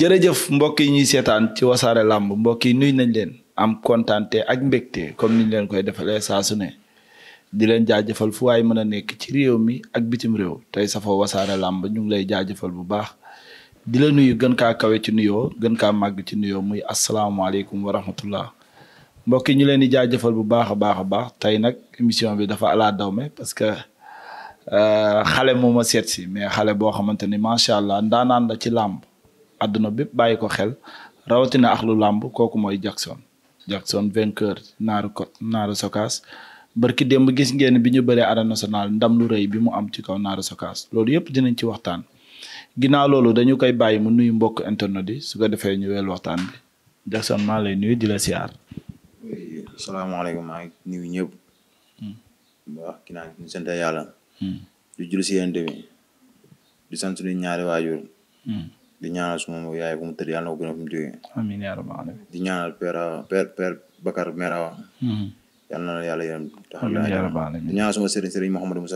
jërëjëf mbokk yi ñuy seetaan ci wasaare làmb mbokk yi nuyu nañ leen am kontaante ak mbégte comme niñ leen koy defalee saa su ne di leen jaajëfal fu waay mën a nekk ci réew mi ak bitim réew tey safoo wasaare làmb ñu ngi lay jaajëfal bu baax di la nuyu gën kaa kawe ci nuyoo gën kaa màgg ci nuyoo muy asalaamaaleykum wa rahmatullah mbokk yi ñu leen di jaajëfal bu baax a baax a baax tey nag émission bi dafa ala dawme parce que euh, xale moom ma seet si mais xale boo xamante ni macha allah ndaanaan la ci làmb àdduna bépp bàyyi ko xel rawatina ak lu làmb kooku mooy Jackson Jackson vainqueur naaru ko naaru sokaas barki démb gis ngeen bi ñu bëree arène nationale ndam lu rëy bi mu am ci kaw naaru sokaas loolu yëpp dinañ ci waxtaan ginnaaw loolu dañu koy bàyyi mu nuyu mbokk internet yi su ko defee ñu wel waxtaan bi Jackson maa lay nuyu di la siyaar. salaamaaleykum maa ngi nuyu ñëpp. Hmm. waaw kii naa ñu sant yàlla. Hmm. di jull si yéen di sant suñu ñaari waajur. Hmm. di ñaanal suma yaay bu mu tëdd yàlla na a fu mu jógee. amiin yaa di ñaanal père père Bakar Mère Awa. Hmm. yàlla na la yàlla yërëm. amiin yaa rabbal aalamiin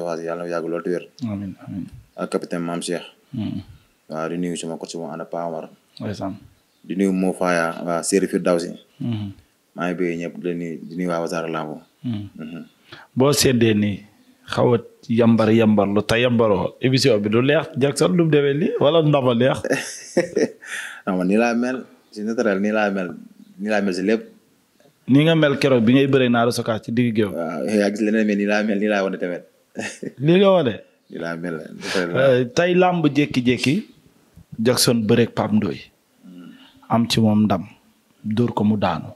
te wér. amiin amiin ak capitaine Mame Cheikh. Hmm. suma kot suma ànd Pa Omar. ndeysaan. di nuyu Mo waa Serigne Firdawsi. Hmm. maa ngi bëgg ñëpp di nuyu di nuyu waa Wassare Lamb. boo seddee nii. xaw a yambar yambar lu te yambaroo émission bi du leex Jackson lu mu demee nii wala ndax ma leex. laa mel si si lépp. nga mel keroog bi ngay bëree naaru sokaas ci digg géew. mel nii laa wane tamit. lii nga wane. Eh, làmb jékki-jékki. Jackson bëreeg Pape mm. am ci moom ndam. dóor ko mu daanu.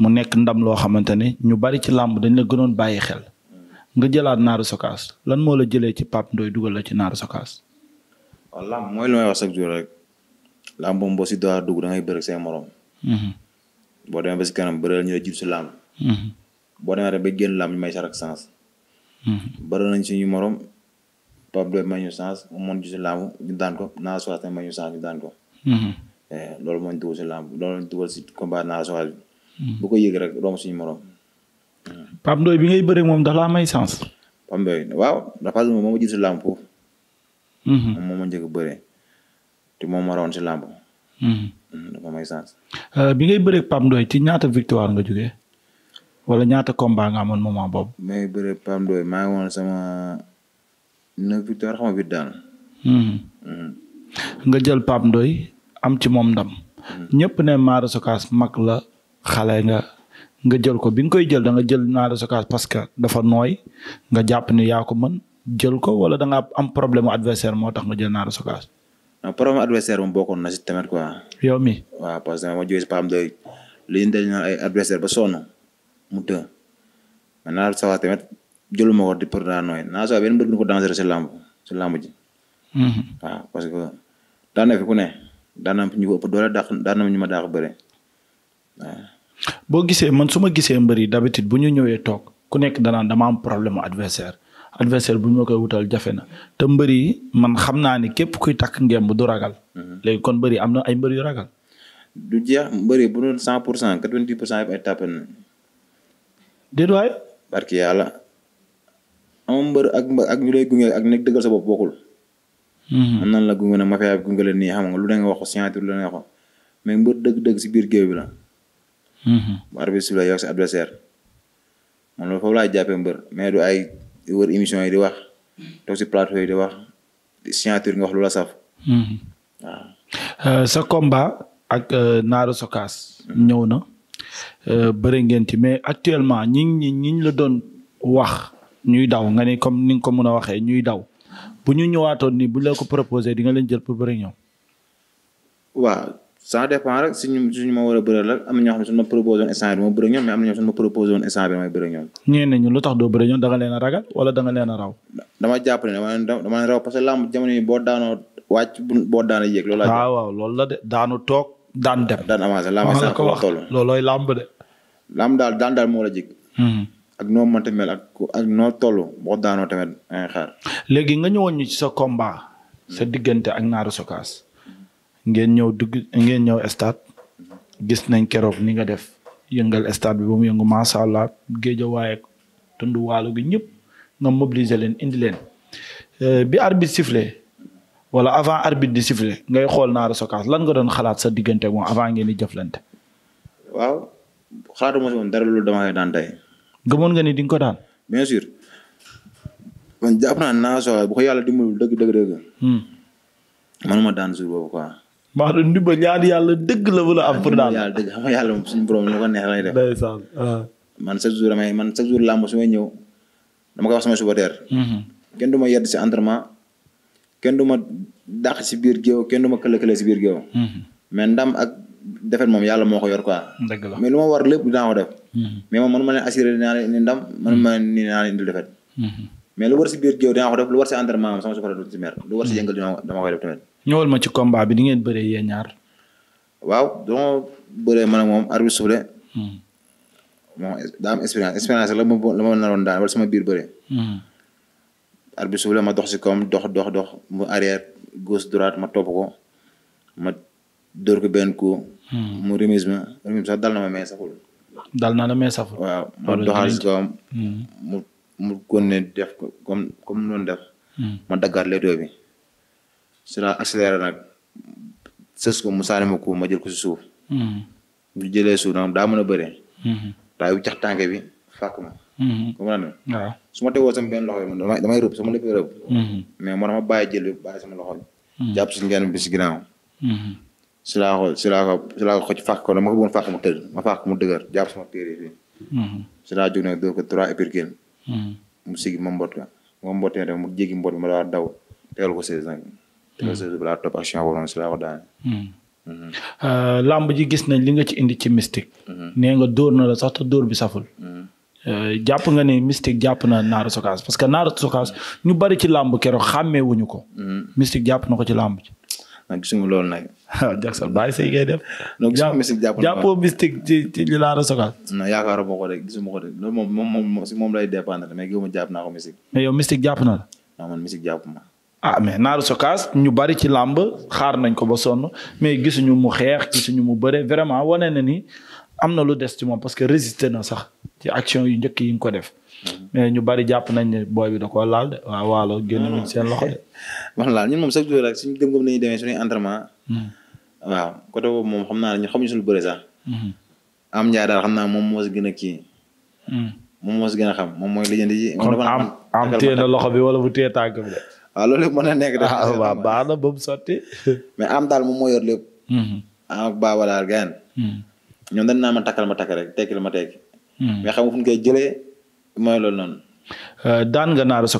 mu nekk ndam loo xamante ne ñu bari ci làmb dañ la gënoon bàyyi xel. nga jëlaat naaru sokaas lan moo la jëlee ci Pape Ndoye dugal la ci naaru sokaas. lan mooy lu may wax chaque jour rek làmb moom boo si door a dugg da ngay mhm. boo demee ba kanam bëri ñu la jiitu si làmb. Mhm. boo demee rek ba génn làmb ñu may sarak sens. Mhm. nañ suñu morom Pape Ndoye may ñu sens mu mën si ñu daan ko naaru sokaas tamit daan ko. Eh, loolu moo ñu dugal si làmb loolu ko yëg rek romb suñu morom. Pape Ndoye bi ngay bëre moom dafa laa may sens. Pape Ndoye waaw moom moo ma jiitu mhm. a bëree si làmp. Mhm. Mhm, dafa euh, bi ngay bëree Pape Ndoye ci ñaata victoire nga jógee wala ñaata combat nga amoon moment boobu. bi ngay bëree Pape Ndoye maa ngi woon sama neuf victoire xam nga huit daal. nga jël Pape Ndoye am ci moom ndam. ñëpp ne Mara Sogas mag la xale nga. nga jël ko bi nga koy jël da nga jël noix de stockage parce que dafa nooy nga jàpp ne yaa ko mën jël ko wala da nga am problème adversaire moo tax nga jël noix de stockage. non problème na si tamit quoi. yow mi waaw parce que ma soo si PAM mu të. mais noix de stockage tamit jëluma ko di pour daa nooy noix de stockage benn mbir bu ñu ko dangereux si làmb si làmb mhm. parce que daan ku ne daan ñu ko ëpp doole daan na ñu ma daax bëre boo gisee man su ma gisee mbër yi d'habitude bu ñu ñëwee toog ku nekk danaan dama am problème mu adversaire adversaire bu ñu ma koy wutal jafe na te mbër yi man xam naa ni képp kuy takk ngemb du ragal. Mhm. léegi kon mbër am na ay mbër yu du jeex mbër bu doon cent pour cent quatre-vingt-dix pour cent yëpp yàlla am mbër ak mbër ak ñu gunge ak nekk dëggal sa bopp bokkul. Mhm. nan la gunge nag mafia bi gunge leen nii xam lu da nga wax ko scientifique lu da nga wax mais mbër dëgg-dëgg si biir géew bi la. bu mhm. arbitre siffle yokk sa adversaire man loolu foofu laa jàppee mbër mais du ay wër émission yi di wax toog si plateau yi di wax signature nga wax lu la saf. Mhm. Euh, sa combat ak euh, Naaru Sokaas. ñëw na euh, bëri ngeen mais actuellement ñi ñi ñi la doon wax ñuy daw nga ni comme ni nga ko mën a waxee ñuy daw bu ñu ñëwaatoon ni bu la ko proposé di nga leen jël pour bëri ñëw. waaw ça dépend rek suñu suñu ma war a bëre rek am na ñoo xam ne suñu ma proposé woon instant ñoom mais am na ñoo xam ne ma proposé woon instant bi may bëre ñoom. ñeen nañu lu tax doo bëre ñoom da nga leen a ragal wala da leen a raw. dama jàpp ne dama leen raw parce que làmb boo daanoo wàcc boo daanoo yéeg. loolu laa de daanu toog daan dem. daan avancé làmb sax ko loolooy làmb de. làmb daal daan daal moo la jig. Hmm. ak noo mënti mel ak ak noo toll boo daanoo tamit ay léegi nga ñëwoon ñu ci sa combat. sa diggante ak Naaru Sokaas ngeen ñëw dugg ñëw stade gis nañ keroog ni nga def yëngal stade bi ba mu yëngu macha allah géej waaye tund waalo gi ñëpp nga mobiliser leen indi leen. Euh, bi arbitre sifflé wala avant arbitre di sifflé ngay xool Narou Sogas lan nga doon xalaat sa diggante moom avant ngeen di jëflante. waaw xalaatuma si woon dara loolu daan tey. nga ni di ko daan. bien sûr man jàpp naa Narou Sogas bu ko yàlla dimbalul dëgg dëgg dëgg. manuma daan jour boobu quoi. maa doon ndimbal ñaan yàlla dëgg la wala am. pour yàlla dëgg xam nga yàlla moom man chaque jour damay man chaque jour làmb su may ñëw dama koy wax sama supporter. Mhm. kenn du ma yedd si entraînement kenn du ma dàq si biir géew kenn du ma kële kële si biir géew. Mhm. mais ndam ak defet moom yàlla moo ko yor quoi. dëgg la mais lu ma war lépp dinaa ko def. Mhm. man ma leen assuré dinaa ndam man ma leen nii leen indil defet mais lu war si biir géew dinaa ko lu war si entraînement sama supporter du si lu war si yëngal dama koy def tamit ñëwal ma ci combat bi di ngeen bëree yee ñaar. waaw dama bëree man moom arbitre soufflé. Hmm. bon daa expérience expérience la ma la ma naroon sama biir bëree. Hmm. arbitre soufflé ma dox si koom dox dox dox mu arrière gauche droite ma topp ko ma dóor hmm. dal na ma mais saful. dal na si koom. mu mu def ko comme comme noonu def. ma daggaat leetoo bi. si laa accéléré nag sës ko ma ko ko si suuf. bu hmm. jëlee suuf daa mën a bëree. Hmm. daa yu cax bi fàkk ma. comme ni ma su ma tegoo sama benn loxo hmm. ma bàyyi jël bi bàyyi sama loxo bi. jàpp si ngeen bi si ginnaaw. si laa dama ko bëggoon fàkk mu tëdd ma fàkk mu dëgër jàpp sama téere fii. si laa jóg nag dóor ko trois épirgines. mu sigi ma mbot ka mu jéggi mbot ma daa daw ko seize trésorier bi laa topp action boobu si laa ko daane. làmb ji gis nañ li nga ci indi ci mystique. Hmm. nee nga door na la sax door bi saful. Hmm. Euh, jàpp nga ni mystique jàpp na Naaru Sokaas parce que Naaru Sokaas hmm. ñu bari ci làmb keroog xàmmee ko. mystique jàpp na ko ci làmb ji. nag gisuñu loolu nag. ah Jackson bàyyi sa yi ngay def. donc gisuma mystique jàpp jàppoo mystique ci ci Naaru ma ko de gisuma moom lay dépendre mais gëwuma jàpp na la. man mystique jàpp ma. ah mais Naaru Sokaas ñu bari ci làmb xaar nañ ko ba sonn mais gisuñu mu xeex gisuñu mu bëre vraiment wane na ni am na lu des ci moom parce que résisté na sax ci action yu njëkk yi nga ko def. mais ñu bari jàpp nañ ne booy bi da koo laal de waaw waalo génn nañ seen loxo de. wax laal ñun moom chaque jour rek suñu dem gëm nañu demee suñuy entraînement. Hmm. waaw côté boobu moom xam naa ne ñun xamuñu suñu bëre sax. Hmm. am njaay daal xam naa moom moo si gën a kii. Hmm. moom moo si gën a xam moom mooy lijjanti ji. kon am am téye na loxo bi wala bu téye tànk bi de. waaw loolu yëpp na nekk. ah waaw baax na ba mu sotti. mais am daal moom moo yor lépp. Mhm. am baaba daal gën. ñoom dañ naa ma takkal ma takk rek tekki la ma tekki. Mhm. mais xam nga fu ñu koy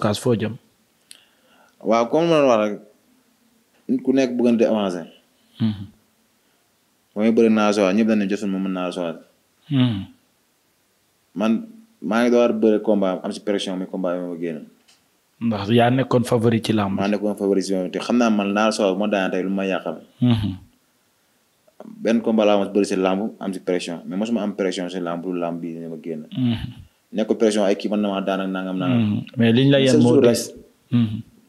euh, foo jëm. waaw ku nekk bëggante avancé. ba muy mhm. bëri naaru sokaas ñëpp dañ ma mën naaru sokaas. maa ngi door a bëri combat am si mi combat bi ma génn. ndax yaa nekkoon favori ci làmb. maa nekkoon favori ci làmb te xam naa man naa soo ma daan tey lu ma yàqal. Mhm. benn combat laa mos bëri si làmb am si pression mais mosuma am pression si làmb lu làmb bi ne ma génn. Mhm. nekkul pression ay kii mën na maa daan ak nangam nangam. Mhm. mais liñ la yéen moo des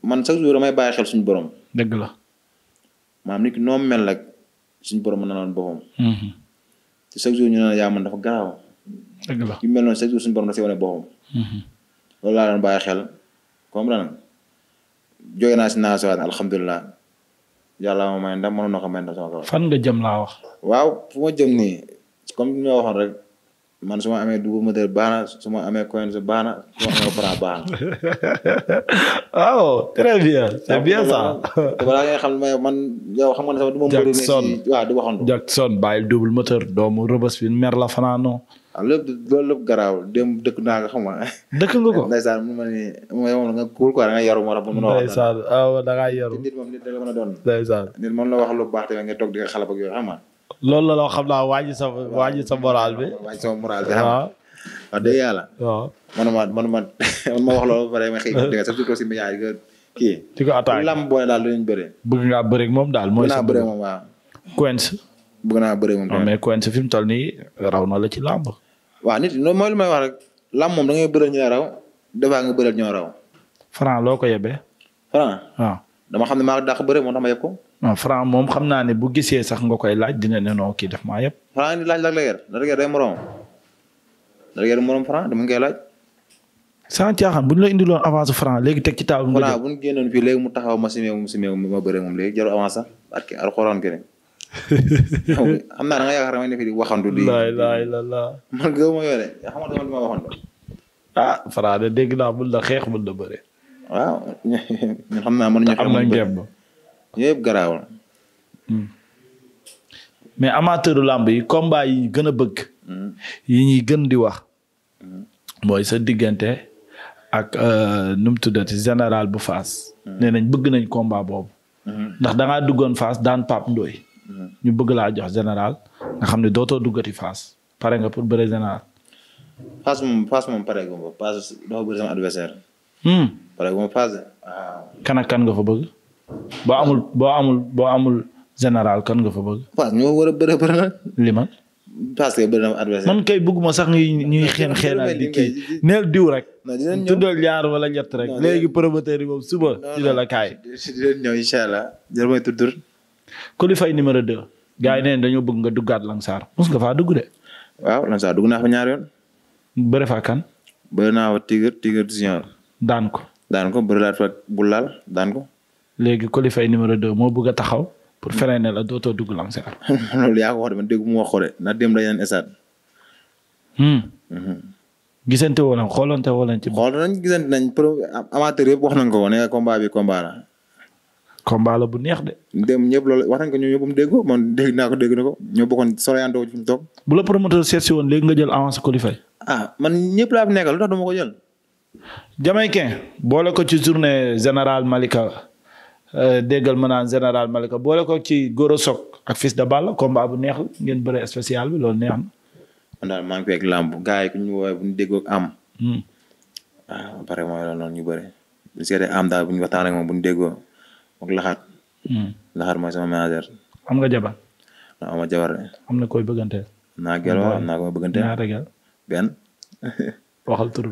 man chaque jour damay bàyyi xel suñu borom. dëgg la. maanaam nit ki noo mel rek suñu borom mën na loon boppam. te chaque jour ñu ne la yaa man dafa garaaw. dëgg la yu mel noonu chaque jour suñu borom dafa si wane boppam. loolu laa doon bàyyi xel. comprendre jóge naa si naa si waat alhamdulilah yàlla ma may ndam mënoon na fan nga jëm laa wax. waaw fu ma jëm nii comme ni ma waxoon rek man su ma amee dugub moteur baax na su ma amee coin baax na su ma amee baax na. waaw très bien. c'est bien ça. xam ne man xam nga du ma. Jackson waaw du waxoon. Jackson double moteur doomu rëbës bi mer la fanaanoo lépp loolu lépp garaaw démb dëkk naa nga xam ma. dëkk nga ko ndeysaan mu ma ne moom nga kuul quoi da nga yaru moo tax mën a wax ndeysaan ah, waaw da ngaa yaru nit moom nit da nga mën a doon ndeysaan nit mën la wax lu baax te nga toog di nga xalab ak yooyu xam nga loolu la loo xam naa wàññi sa wàññi sa moral bi wàññi sa moral bi xam nga wax dëgg yàlla waaw manuma manuma man ma wax loolu ba pare ma xëy di nga surtout aussi ma yaay nga kii di ko attaqué lam boole daal lu ñu bëree bëgg ngaa bëri moom daal mooy sa bëri moom waaw Quench bëgg naa bëri moom mais Quench fi mu toll nii raw na la ci làmb waaw nit ñi mooy lu may wax rek lam moom da ngay bëral ñu raw dafaa nga bëral ñoo raw. Franc loo ko yebbee. Franc waaw dama xam ne maa dàq bëre moo tax ma yeb ko. non Franc moom xam naa ne bu gisee sax nga koy laaj dina ne noo kii def maa yeb. Franc ni laaj la la gerte la la gerte day moroom la gerte moroom Franc dama ngi koy laaj. sans caaxaan bu ñu la indiloon avance Franc léegi teg ci table. nga jël Franc bu ñu génnoon mu taxaw ma simee mu simee ma bëre moom léegi jarul avance sax ak alxuraan keneen am naa da nga yaakaar damay ne fi di waxandu. di waxandu. ah Fara dégg naa xeex mun na bëre. waaw ñun xam naa mën nañu. am hmm. amateuru làmb yi komba yi gën a bëgg. Hmm. yi ñuy gën di wax. Hmm. mooy sa diggante ak euh, nu mu tuddati général bu Faas. nee nañ bëgg nañ combat boobu. ndax da duggoon Faas daan Pape Ndoye. ñu bëgg laa jox général nga xam ne dootoo duggati Fass pare nga pour bëre général. Fass moom Fass moom pare gu ma hmm. pare gu ma Fass kan nga fa bëgg. boo amul boo amul boo amul général kan nga fa bëgg. a bëre bëre nag. li man. Fass kay bëri na bëgguma sax ñuy ñuy xeen xeenaat di kii neel diw rek. tuddal ñaar wala ñett rek. léegi promoteur yi moom suba. dina la kaay. dinañ ñëw incha allah. jërëjëf mooy tudd. Coly fay numéro 2. gars yi mm-hmm. neen dañoo bëgg nga duggaat Langsar mos nga faa dugg de. waaw Langsar dugg naa fa ñaari yoon. bëre faa kan. fa Tigre Tigre Junior. daan ko. daan ko bëre laa daan ko. léegi Coly Faye numéro 2 moo bëgg a taxaw. pour freiner la dootoo dugg Langsar. loolu yaa ko wax de man dégg mu wax hmm. mm-hmm. xoolante woo ci. xool nañ gisante nañ pro amateur yëpp wax ko ne combat bi combat bu neex de. dem ñëpp loolu wax nañ ko ñëpp mu déggoo man dégg naa ko dégg na ko ñoo bokkoon soriandoo ci mu toog. bu la promoteur seet si nga jël avance ko li fay. ah man ñëpp laa fi nekkal lu tax duma ko jël. Jamaïcain boole ko ci journée général Malika euh, déggal ma naan général Malika boole ko ci Goro Sok ak Fils de Balla combat bu neex ngeen bëre spécial bi loolu neex na. man daal maa ngi fekk làmb gars ku ñu woowee bu ñu déggoo am. waaw hmm. ah, ba pare mooy loolu noonu ñu bëri. monsieur am daal bu ñu waxtaan ak moom bu ak laxaat. Hmm. laxaat mooy sama manager. am nga jabar. am na koy bëgganteel. naa gel waaw am naa koy bëgganteel. ñaata gel. benn. waxal tur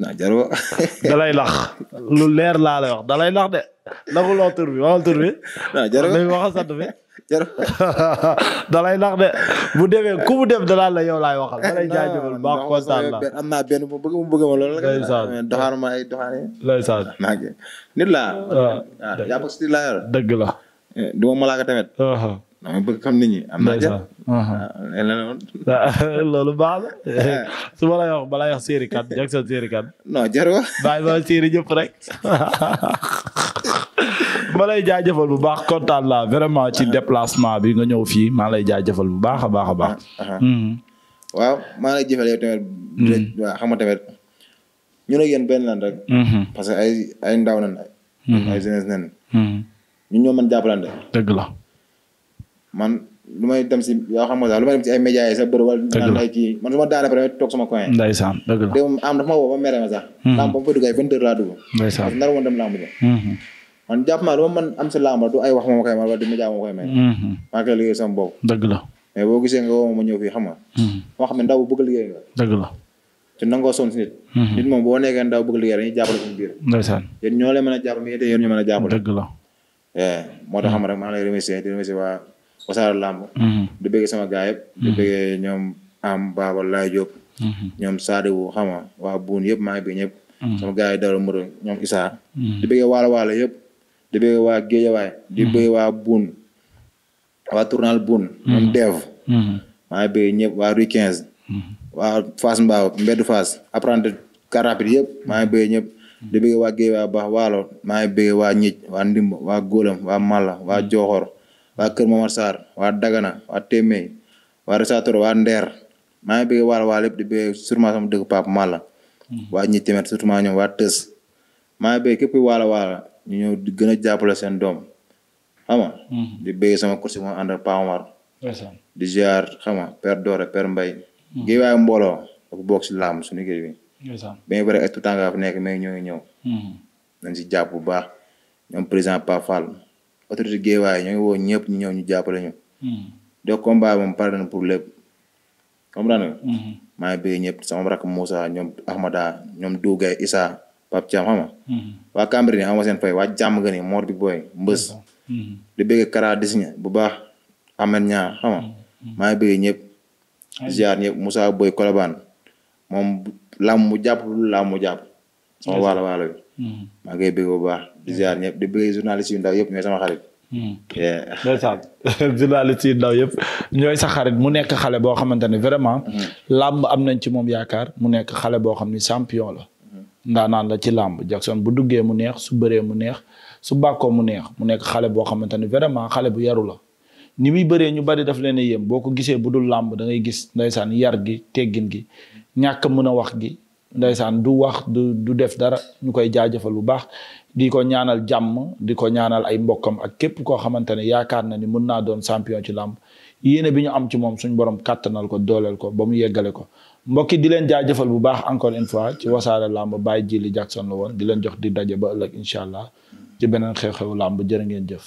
naa jaroo. dalay lax leer laa wax dalay lax de. naka loo tur waxal tur bi. naa jaroo waxal sant bi. dalay nax de bu demee ku mu dem danaan la yow lay waxal dalay jaajëfal baax kontaan la am naa benn bu bëgg la doxaanuma ay nit la yaa bëgg si laa ah, ah, dëgg la eh, du ma malaaka tamit ah, ñi am loolu baax na eh. su ma lay wax balaa wax séeri kan Jackson séeri kan non jarul bàyyi ma séeri ma lay jaajëfal bu baax kontaan laa vraiment ci déplacement bi nga ñëw fii maa lay jaajëfal bu baax a baax a baax. Ah, ah. Hmm. waaw maa lay jëfal yow tamit. Hmm. waaw xam nga tamit ñu ne yéen benn lan hmm. que ay ay ndaw nañ ay jeunesse nañ ñu ñoo mën jàppalante. dëgg la. man lu may dem si xam nga daal lu may dem ay médias yi bërëb wala. dëgg la kii ma daanee pare toog sama coin. ndeysaan dëgg la. am dafa ma woo ba mere ma sax. lamb ba mu fa dugg ay vingt heures laa dugg. ndeysaan nar woon dem lamb ba. man jàpp naa lu ma mën am si làmba du ay wax moom koy may wala du média moom koy may. Mhm. maa ngi koy liggéey sama bopp. dëgg la mais boo gisee nga woo ma ñëw fii xam nga. Mhm. moo xam ne ndaw bu bëgg liggéey nga. dëgg la te nangoo sonn si nit. Mhm. nit moom boo nekkee ndaw bëgg liggéey dañuy jàppale suñu biir. ndeysaan yéen ñoo leen mën a jàppale mais yéen yéen ñu mën a jàppale. dëgg la. Eh, moo tax xam rek maa ngi lay remercier di remercier waa Wassare Lamb. di bëgg sama gaay yëpp. di bëgg ñoom am Baba Laye Diop. ñoom Sadibou xam nga waa Boune yëpp maa ngi bëgg ñëpp. sama gaay yi dawal moto ñoom Issa. di bëgg waalo waalo yëpp di bëgg waa Géejawaay di hmm. bëgg waa Boune waa Tournal Boune hmm. moom hmm. maa ngi bëgg waa Rue 15 mbedd Fass apprenti car yëpp maa ngi bëgg ñëpp di bëgg waa Géejawaay waalo maa ngi waa Ñij waa Ndimb waa Góolam waa Malla waa Joxor waa Kër Momar waa Dagana waa Témé waa Resator waa Ndeer maa ngi bëgg waalo waa lépp di bëgg sama dëkk Pape Malla waa Ñij tamit surtout waa Tës maa ngi bëgg waalo waalo ñu ñëw di gën a jàppale seen doom xam mhm. di béy sama kursi moom ànd ak Pa Omar di ziar xam nga Père per mbay Mbaye mhm. géej waaye mbooloo dafa bokk si làmb suñu géej bi bien vrai ay tuutàngaa nekk mais ñoo ngi ñëw mhm. nañ si jàpp bu baax ñoom président Pa Fall waaye ñoo ngi woo ñëpp ñëw ñu jàppale ñu de combat pare nañ pour lépp comprendre nga maa ngi béy ñëpp sama rakk Moussa ñoom Ahmada ñoom Dougay Issa Pape Thiam xam nga. Mm-hmm. waa Cambérène xam nga seen fay waa jàmm gani Mor bi booy Mbës. Mm-hmm. di bëgg Kara Disney bu baax Ameth Niang xam nga. Mm-hmm. maa ngi bëgg ñëpp. ziar ñëpp Boy Kolobane lam mu jàpp lu mu jàpp. sama waalo waalo bi. maa ngi koy bu baax di ziar ñëpp di bëgg journaliste yu ndaw yëpp ñooy sama xarit. ndeysaan ndaw yëpp ñooy sa xarit mu nekk xale boo xamante ne vraiment. làmb am nañ ci moom yaakaar mu nekk xale boo xam ne champion la. ndaanaan la ci làmb Jackson bu duggee mu neex su bëree mu neex su bàkkoo mu neex mu nekk xale boo xamante ni vraiment xale bu yaru la ni muy bëree ñu bari daf leen a yéem boo ko gisee bu dul làmb dangay gis ndaysaan yar gi teggin gi ñàkk mën a wax gi ndaysaan du wax du du def dara ñu koy jaajëfal bu baax di ko ñaanal jàmm di ko ñaanal ay mbokkam ak képp koo xamante ne yaakaar na ni mën naa doon champion ci làmb yéene bi ñu am ci moom suñ boroom kàttanal ko dooleel ko ba mu yeggale ko mbokki di leen jaajëfal bu baax encore une fois ci wasaare làmb Baye Jili Jackson la woon di leen jox di daje ba ëllëg incha allah ci beneen xew-xewu làmb jërë ngeen jëf.